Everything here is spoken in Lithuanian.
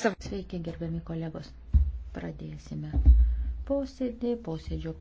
Sveiki, gerbiami kolegos. Pradėsime posėdį, posėdžio